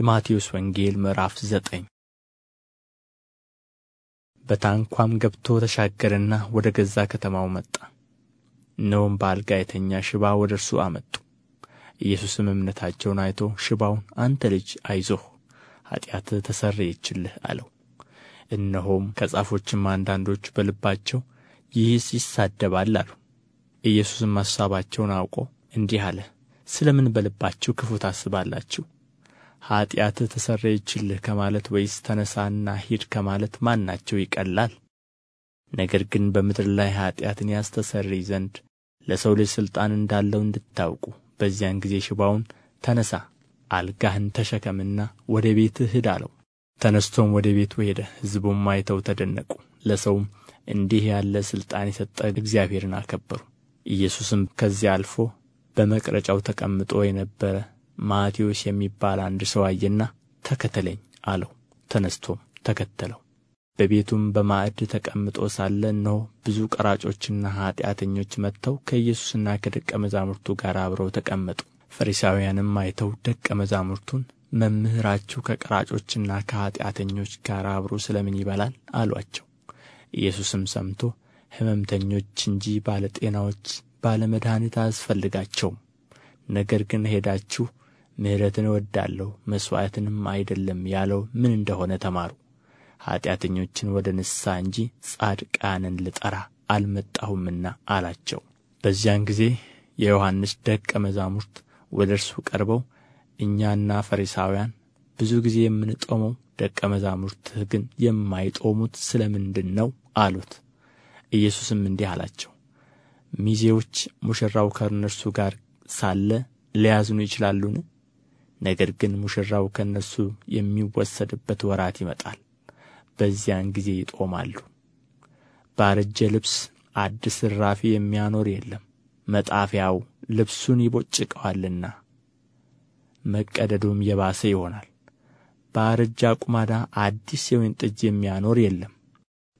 የማቴዎስ ወንጌል ምዕራፍ ዘጠኝ በታንኳም ገብቶ ተሻገረና ወደ ገዛ ከተማው መጣ። እነሆም በአልጋ የተኛ ሽባ ወደ እርሱ አመጡ። ኢየሱስም እምነታቸውን አይቶ ሽባውን፣ አንተ ልጅ አይዞህ፣ ኃጢአትህ ተሰረየችልህ አለው። እነሆም ከጻፎችም አንዳንዶች በልባቸው ይህስ ይሳደባል አሉ። ኢየሱስም አሳባቸውን አውቆ እንዲህ አለ፣ ስለ ምን በልባችሁ ክፉ ታስባላችሁ? ኃጢአትህ ተሰረየችልህ ከማለት ወይስ ተነሣና ሂድ ከማለት ማናቸው ይቀላል? ነገር ግን በምድር ላይ ኀጢአትን ያስተሰርይ ዘንድ ለሰው ልጅ ሥልጣን እንዳለው እንድታውቁ በዚያን ጊዜ ሽባውን ተነሣ አልጋህን ተሸከምና ወደ ቤትህ ሂድ አለው። ተነስቶም ወደ ቤቱ ሄደ። ሕዝቡም አይተው ተደነቁ። ለሰውም እንዲህ ያለ ሥልጣን የሰጠ እግዚአብሔርን አከበሩ። ኢየሱስም ከዚያ አልፎ በመቅረጫው ተቀምጦ የነበረ ማቴዎስ የሚባል አንድ ሰው አየና ተከተለኝ አለው። ተነስቶም ተከተለው። በቤቱም በማዕድ ተቀምጦ ሳለ እነሆ ብዙ ቀራጮችና ኃጢአተኞች መጥተው ከኢየሱስና ከደቀ መዛሙርቱ ጋር አብረው ተቀመጡ። ፈሪሳውያንም አይተው ደቀ መዛሙርቱን መምህራችሁ ከቀራጮችና ከኃጢአተኞች ጋር አብሮ ስለ ምን ይበላል? አሏቸው። ኢየሱስም ሰምቶ ሕመምተኞች እንጂ ባለጤናዎች ባለመድኃኒት አያስፈልጋቸውም። ነገር ግን ሄዳችሁ ምሕረትን እወዳለሁ መሥዋዕትንም አይደለም ያለው ምን እንደሆነ ተማሩ ኀጢአተኞችን ወደ ንስሐ እንጂ ጻድቃንን ልጠራ አልመጣሁምና አላቸው በዚያን ጊዜ የዮሐንስ ደቀ መዛሙርት ወደ እርሱ ቀርበው እኛና ፈሪሳውያን ብዙ ጊዜ የምንጦመው ደቀ መዛሙርትህ ግን የማይጦሙት ስለ ምንድን ነው አሉት ኢየሱስም እንዲህ አላቸው ሚዜዎች ሙሽራው ከእነርሱ ጋር ሳለ ሊያዝኑ ይችላሉን ነገር ግን ሙሽራው ከእነርሱ የሚወሰድበት ወራት ይመጣል፣ በዚያን ጊዜ ይጦማሉ። ባረጀ ልብስ አዲስ እራፊ የሚያኖር የለም፣ መጣፊያው ልብሱን ይቦጭቀዋልና መቀደዱም የባሰ ይሆናል። ባረጀ አቁማዳ አዲስ የወይን ጠጅ የሚያኖር የለም፣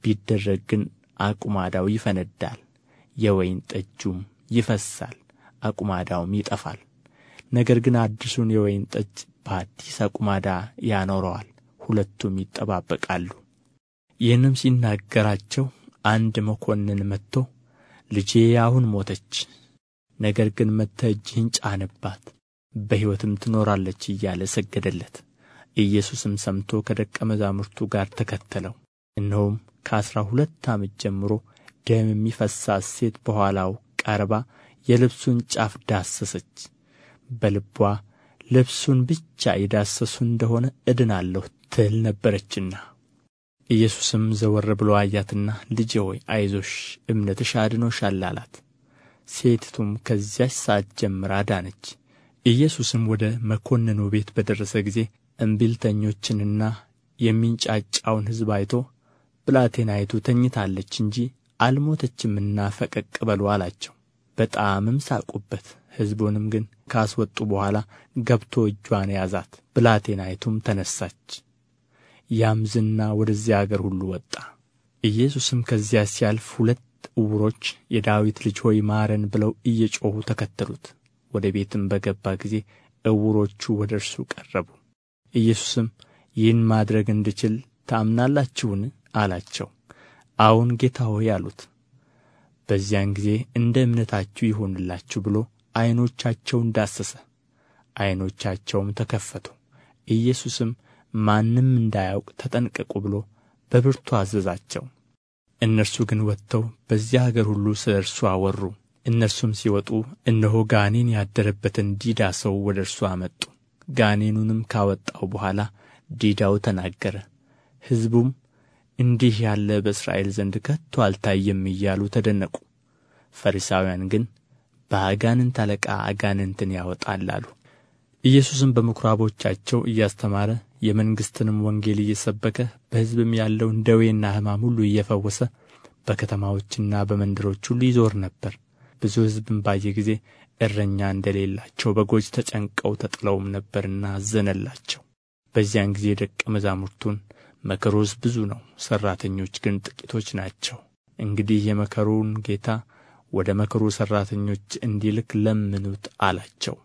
ቢደረግ ግን አቁማዳው ይፈነዳል፣ የወይን ጠጁም ይፈሳል፣ አቁማዳውም ይጠፋል። ነገር ግን አዲሱን የወይን ጠጅ በአዲስ አቁማዳ ያኖረዋል፣ ሁለቱም ይጠባበቃሉ። ይህንም ሲናገራቸው አንድ መኮንን መጥቶ ልጄ አሁን ሞተች፣ ነገር ግን መጥተህ እጅህን ጫንባት፣ በሕይወትም ትኖራለች እያለ ሰገደለት። ኢየሱስም ሰምቶ ከደቀ መዛሙርቱ ጋር ተከተለው። እነሆም ከአሥራ ሁለት ዓመት ጀምሮ ደም የሚፈሳት ሴት በኋላው ቀርባ የልብሱን ጫፍ ዳሰሰች። በልቧ ልብሱን ብቻ የዳሰሱ እንደሆነ እድናለሁ ትል ነበረችና ኢየሱስም ዘወር ብሎ አያትና ልጄ ሆይ አይዞሽ እምነትሽ አድኖሻል አላት ሴቲቱም ከዚያች ሰዓት ጀምራ ዳነች ኢየሱስም ወደ መኮንኑ ቤት በደረሰ ጊዜ እምቢልተኞችንና የሚንጫጫውን ሕዝብ አይቶ ብላቴናይቱ ተኝታለች እንጂ አልሞተችምና ፈቀቅ በሉ አላቸው በጣምም ሳቁበት ሕዝቡንም ግን ካስወጡ በኋላ ገብቶ እጇን ያዛት፣ ብላቴናይቱም ተነሳች። ያም ዝና ወደዚያ አገር ሁሉ ወጣ። ኢየሱስም ከዚያ ሲያልፍ ሁለት ዕውሮች የዳዊት ልጅ ሆይ ማረን ብለው እየጮኹ ተከተሉት። ወደ ቤትም በገባ ጊዜ ዕውሮቹ ወደ እርሱ ቀረቡ። ኢየሱስም ይህን ማድረግ እንድችል ታምናላችሁን? አላቸው። አዎን ጌታ ሆይ አሉት። በዚያን ጊዜ እንደ እምነታችሁ ይሆንላችሁ ብሎ ዐይኖቻቸውን ዳሰሰ፣ ዐይኖቻቸውም ተከፈቱ። ኢየሱስም ማንም እንዳያውቅ ተጠንቀቁ ብሎ በብርቱ አዘዛቸው። እነርሱ ግን ወጥተው በዚያ አገር ሁሉ ስለ እርሱ አወሩ። እነርሱም ሲወጡ እነሆ ጋኔን ያደረበትን ዲዳ ሰው ወደ እርሱ አመጡ። ጋኔኑንም ካወጣው በኋላ ዲዳው ተናገረ። ሕዝቡም እንዲህ ያለ በእስራኤል ዘንድ ከቶ አልታየም እያሉ ተደነቁ። ፈሪሳውያን ግን በአጋንንት አለቃ አጋንንትን ያወጣል አሉ። ኢየሱስም በምኵራቦቻቸው እያስተማረ የመንግሥትንም ወንጌል እየሰበከ በሕዝብም ያለውን ደዌና ሕማም ሁሉ እየፈወሰ በከተማዎችና በመንደሮች ሁሉ ይዞር ነበር። ብዙ ሕዝብም ባየ ጊዜ እረኛ እንደሌላቸው በጎች ተጨንቀው ተጥለውም ነበርና አዘነላቸው። በዚያን ጊዜ ደቀ መዛሙርቱን መከሩስ ብዙ ነው፣ ሠራተኞች ግን ጥቂቶች ናቸው። እንግዲህ የመከሩን ጌታ ወደ መከሩ ሠራተኞች እንዲልክ ለምኑት አላቸው